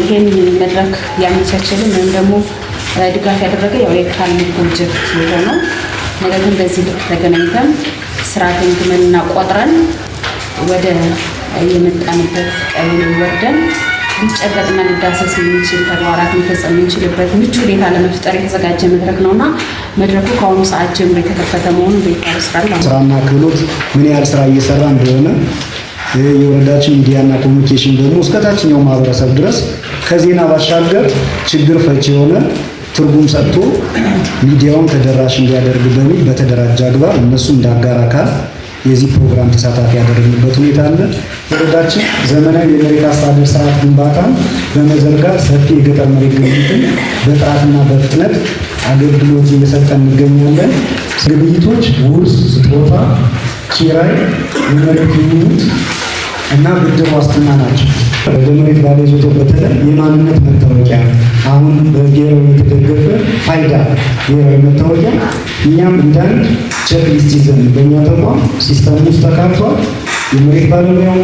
ይህን መድረክ ያመቻቸልን ወይም ደግሞ ድጋፍ ያደረገ ያው የካል ፕሮጀክት የሆነው ነገር ግን በዚህ ልክ ተገናኝተን ስራ ገምግመንና ቆጥረን ወደ የመጣንበት ቀበሌ ወርደን ሊጨበጥና ሊዳሰስ የሚችል ተግባራት መፈጸም የሚችልበት ምቹ ሁኔታ ለመፍጠር የተዘጋጀ መድረክ ነው ነውና መድረኩ ከአሁኑ ሰዓት ጀምሮ የተከፈተ መሆኑ ቤታል ስራል። ስራና ክህሎት ምን ያህል ስራ እየሰራ እንደሆነ የወረዳችን ሚዲያና ኮሚኒኬሽን ደግሞ እስከታችኛው ማህበረሰብ ድረስ ከዜና ባሻገር ችግር ፈች የሆነ ትርጉም ሰጥቶ ሚዲያውን ተደራሽ እንዲያደርግ በሚል በተደራጀ አግባብ እነሱ እንደ አጋር አካል የዚህ ፕሮግራም ተሳታፊ ያደረግንበት ሁኔታ አለ። ወረዳችን ዘመናዊ የመሬት አስተዳደር ስርዓት ግንባታ በመዘርጋት ሰፊ የገጠር መሬት ግብይትን በጥራትና በፍጥነት አገልግሎት እየሰጠ እንገኛለን። ግብይቶች ውርስ፣ ስጦታ፣ ኪራይ፣ የመሬት እና ብድር ዋስትና ናቸው። በመሬት ባለይዞታ በተለይ የማንነት መታወቂያ አሁን በብሔራዊ የተደገፈ ፋይዳ ብሔራዊ መታወቂያ እኛም እንዳንድ ቼክ ሊስት ይዘን በእኛ ተቋም ሲስተም ውስጥ ተካቷል። የመሬት ባለሙያው፣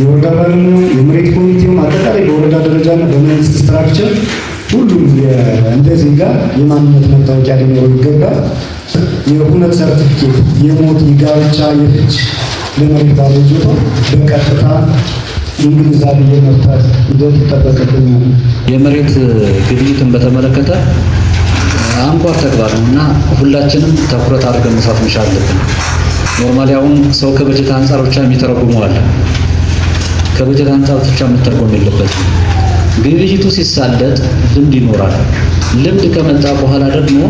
የወረዳ ባለሙያው፣ የመሬት ኮሚቴውም አጠቃላይ በወረዳ ደረጃና በመንግስት ስትራክቸር ሁሉም እንደ ዜጋ የማንነት መታወቂያ ሊኖረው ይገባል። የሁነት ሰርቲፊኬት፣ የሞት፣ የጋብቻ፣ የፍች ለመሬት ባለይዞታ በቀጥታ ይህ ግንዛቤ የመፍታት ሂደት ይጠበቅብኛል። የመሬት ግብይትን በተመለከተ አንኳር ተግባር ነው እና ሁላችንም ትኩረት አድርገን መስራት መቻል አለብን። ኖርማሊ አሁን ሰው ከበጀት አንጻር ብቻ የሚተረጉመዋል። ከበጀት አንጻር ብቻ የምተረጎም የለበትም። ግብይቱ ሲሳለጥ ልምድ ይኖራል። ልምድ ከመጣ በኋላ ደግሞ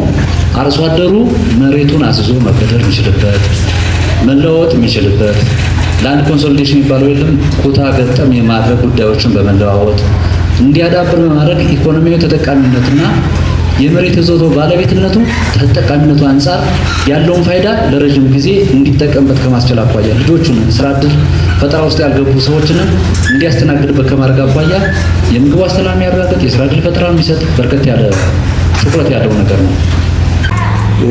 አርሶ አደሩ መሬቱን አስዞ መበደር የሚችልበት መለወጥ የሚችልበት ላንድ ኮንሶሊዴሽን የሚባለው የለም ኩታ ገጠም የማድረግ ጉዳዮችን በመለዋወጥ እንዲያዳብር በማድረግ ኢኮኖሚያዊ ተጠቃሚነትና የመሬት ይዞታው ባለቤትነቱ ተጠቃሚነቱ አንጻር ያለውን ፋይዳ ለረጅም ጊዜ እንዲጠቀምበት ከማስቻል አኳያ ልጆቹን ስራ እድል ፈጠራ ውስጥ ያልገቡ ሰዎችንም እንዲያስተናግድበት ከማድረግ አኳያ የምግብ ዋስትናን የሚያረጋግጥ የስራ እድል ፈጠራ የሚሰጥ በርከት ያለ ትኩረት ያለው ነገር ነው።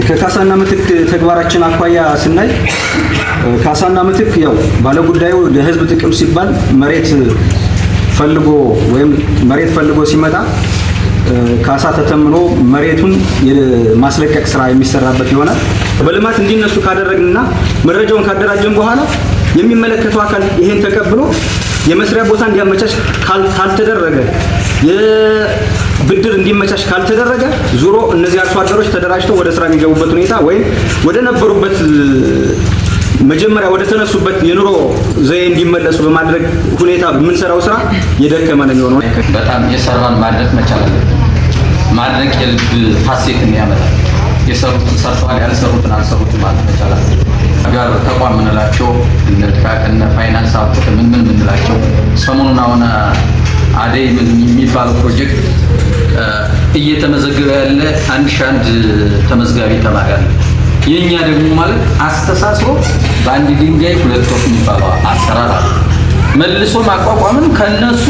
ከካሳና ምትክ ተግባራችን አኳያ ስናይ ካሳና ምትክ ያው ባለጉዳዩ ለህዝብ ጥቅም ሲባል መሬት ፈልጎ ወይም መሬት ፈልጎ ሲመጣ ካሳ ተተምኖ መሬቱን የማስለቀቅ ስራ የሚሰራበት ይሆናል። በልማት እንዲነሱ ካደረግንና መረጃውን ካደራጀን በኋላ የሚመለከተው አካል ይሄን ተቀብሎ የመስሪያ ቦታ እንዲያመቻች ካልተደረገ ብድር እንዲመቻች ካልተደረገ ዙሮ እነዚህ አርሶ አደሮች ተደራጅተው ወደ ስራ የሚገቡበት ሁኔታ ወይም ወደ ነበሩበት መጀመሪያ ወደ ተነሱበት የኑሮ ዘዬ እንዲመለሱ በማድረግ ሁኔታ የምንሰራው ስራ የደከመ ነው የሚሆነው። በጣም የሰራን ማድረግ መቻል አለ። ማድረግ የልብ ሀሴትን ያመጣል። የሰሩትን ሰርተዋል፣ ያልሰሩትን አልሰሩት ማለት መቻል አለ። ጋር ተቋም የምንላቸው እነ ድቃቅ እነ ፋይናንስ ምን ምን የምንላቸው ሰሞኑን አሁን አደይ የሚባለው ፕሮጀክት እየተመዘገበ ያለ አንድ ሺህ አንድ ተመዝጋቢ ተማሪ አለ። የእኛ ደግሞ ማለት አስተሳስሮ በአንድ ድንጋይ ሁለት ወፍ የሚባለው አሰራር አለ። መልሶ ማቋቋምን ከነሱ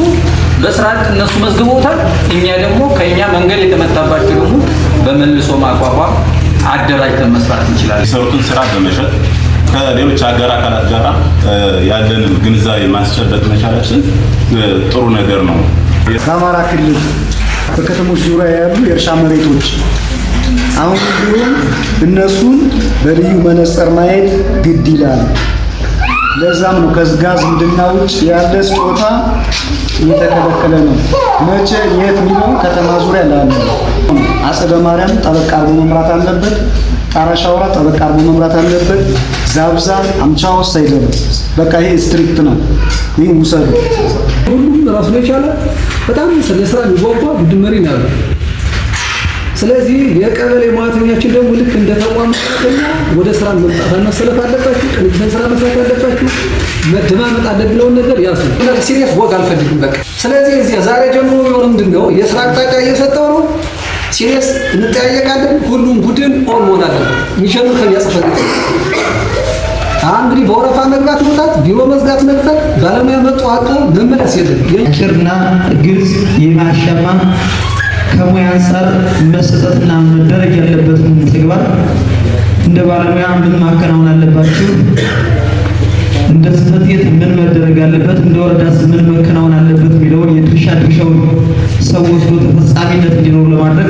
በስርዓት እነሱ መዝግቦታል። እኛ ደግሞ ከእኛ መንገድ የተመታባቸው ደግሞ በመልሶ ማቋቋም አደራጅተን መስራት እንችላለን። የሰሩትን ስራ በመሸጥ ከሌሎች አገር አካላት ጋር ያለን ግንዛቤ ማስጨበጥ መቻላችን ጥሩ ነገር ነው። ከአማራ ክልል በከተሞች ዙሪያ ያሉ የእርሻ መሬቶች አሁን ቢሆን እነሱን በልዩ መነጽር ማየት ግድ ይላል። ለዛም ነው ከዝጋ ዝምድና ውጭ ያለ ስጦታ እየተከለከለ ነው። መቼ የት የሚለው ከተማ ዙሪያ ላለ አጸደ ማርያም ጠበቃ አድርጎ መምራት አለበት። ጣራ ሻውራ አርጎ መምራት አለበት። ዛብዛ አምቻ ውስጥ አይደለም። በቃ ይሄ ስትሪክት ነው። ይህ ውሰዱ። ሁሉም ራሱ ላይ ቻለ በጣም ለስራ የሚጓጓ ቡድን መሪ ነው ስለዚህ የቀበሌ ማህተኛችን ደግሞ ልክ እንደ ተቋም ማህተኛ ወደ ስራ መምጣት መሰለፍ አለባችሁ። ቅንጅትን ስራ መስራት አለባችሁ። መደማመጥ አለብለውን ነገር ያሱ ሲሪየስ ወግ አልፈልግም። በቃ ስለዚህ እዚያ ዛሬ ጀምሮ ምንድን ነው የስራ አቅጣጫ እየሰጠው ነው ሲሪየስ እንጠያየቃለን። ሁሉም ቡድን ኦን መሆን አለበት። ሚሸኑ ያስፈልግ እንግዲህ በወረፋ መግባት መውጣት፣ ቢሮ መዝጋት መግባት፣ ባለሙያ መጡ አቅ መመለስ የለም። አጭርና ግልጽ የማያሻማ ከሙያ አንጻር መሰጠትና መደረግ ያለበትን ተግባር እንደ ባለሙያ ምን ማከናወን አለባቸው? እንደ ምን መደረግ አለበት፣ እንደ ወረዳስ ምን መከናወን አለበት የሚለውን የድርሻ ድርሻውን ሰው ወስዶ ተፈጻሚነት እንዲኖሩ ለማድረግ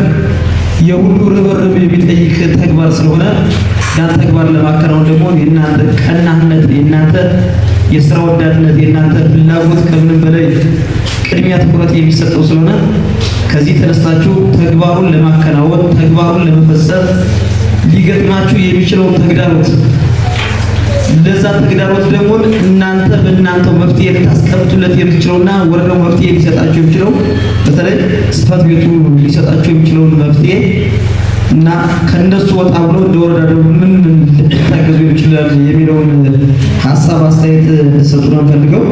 የሁሉ ርብርብ የሚጠይቅ ተግባር ስለሆነ ያን ተግባር ለማከናወን ደግሞ የእናንተ ቀናህነት፣ የእናንተ የስራ ወዳድነት፣ የእናንተ ፍላጎት ከምንም በላይ ቅድሚያ ትኩረት የሚሰጠው ስለሆነ ከዚህ ተነስታችሁ ተግባሩን ለማከናወን ተግባሩን ለመፈጸም ሊገጥማችሁ የሚችለውን ተግዳሮት ለዛ ተግዳሮት ደግሞ እናንተ በእናንተው መፍትሄ ልታስቀምጡለት የምትችለውና ወረዳው መፍትሄ ሊሰጣቸው የሚችለው በተለይ ጽሕፈት ቤቱ ሊሰጣቸው የሚችለውን መፍትሄ እና ከነሱ ወጣ ብሎ ለወረዳ ደግሞ ምን ምን ልታገዙ ይችላል የሚለውን ሀሳብ አስተያየት ነው ፈልገው